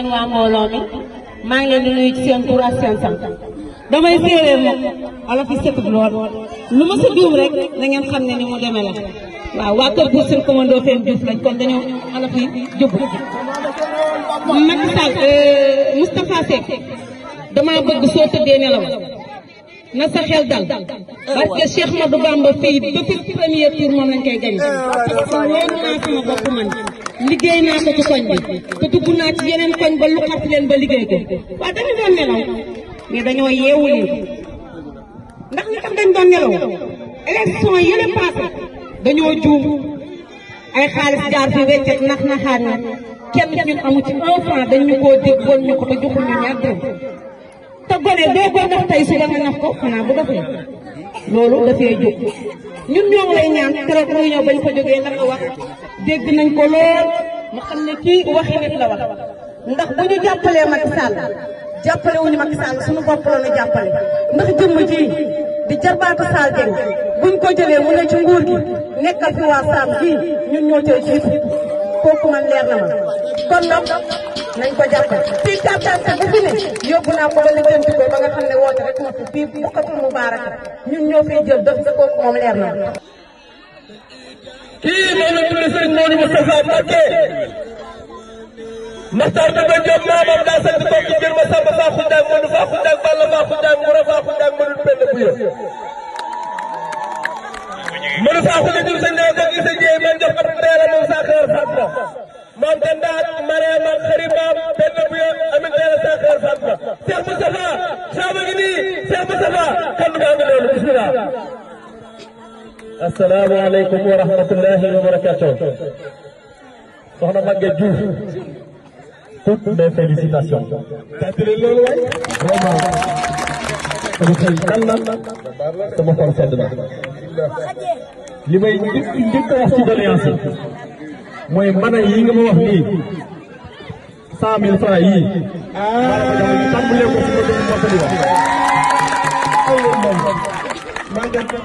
yéen waa mbooloo mi maa ngi leen di nuyu ci seen tur ak seen sant damay séeréer nag wala fi sëtub lool lu ma sa juum rek na ngeen xam ni mu demee la waaw waa kër bu sur commando feen Diouf lañ kon dañoo ala fi jub Macky Sall euh, Moustapha Seck dama bëgg soo tëddee nelaw na sa xel dal parce que Cheikh Madou Bamba fii depuis premier tour moom lañ koy sama man liggéey naa ko ci koñ bi te dugg naa ci yeneen koñ ba lu xat leen ba liggéey ko waaw dañu doon nelaw mais dañoo yeewu leen ndax li tax dañ doon nelaw élection yële passé dañoo juum ay xaalis jaar fi weccet nax na na kenn ñun amu ci un franc dañ ñu koo dégg ñu ko te joxul ñu ñaar dërëm te gone doo ko def tey suba nga naf ko xanaa bu defee loolu dafee jóg ñun ñoo ngi ñaan keroog muy ñëw bañ ko jógee la nga wax deg nañ ko lool ñu xam ne kii waxi nit la wax ndax buñu ñu jàppalee Macky Sall jàppale wuñu Macky Sall suñu bopp la ñu jàppale ndax jëm ji di jarbaatu Sall jëm buñ ko jëlé mu ne ci nguur gi nekkal fi wa Sall gi ñun ñoo cee ci kooku man leer na ma kon nak nañ ko jappé ci tata sa bu fi ne yóbbu naa ko ba la jënd ko ba nga xam wote rek ma fi bi buqatul mu baaraka ñun ñoo fiy jël def sa kooku moom leer na kii moom la ñu tuddee Serigne Modou Moustapha Mbacké Maxtaar dama jóg maamam daa sant kooku ci biir Masamba faa xuddaag Modou faa xuddaag Balla faa xuddaag Moura faa xuddaag Modou Penda Bouya. Modou faa xuddaag jur sa néew kooku sa jéey man jox ko teel a moom saa xeer Fatma maam Tanda ak Mariama Xarima Penda Bouya amin teel a saa xeer Fatma Cheikh Moustapha Samba ngi nii Cheikh Moustapha kan nga am loolu bismillah asalaamaaleykum wa rahmatullahi wa barakatuh soxna Maguette Diouf toutes mes félicitations tàttali loolu waay li may njëkk wax ci doléance mooy mën a yi nga ma wax nii cent mille francs yii tàmbalee ko su ma déglu ma ko di wax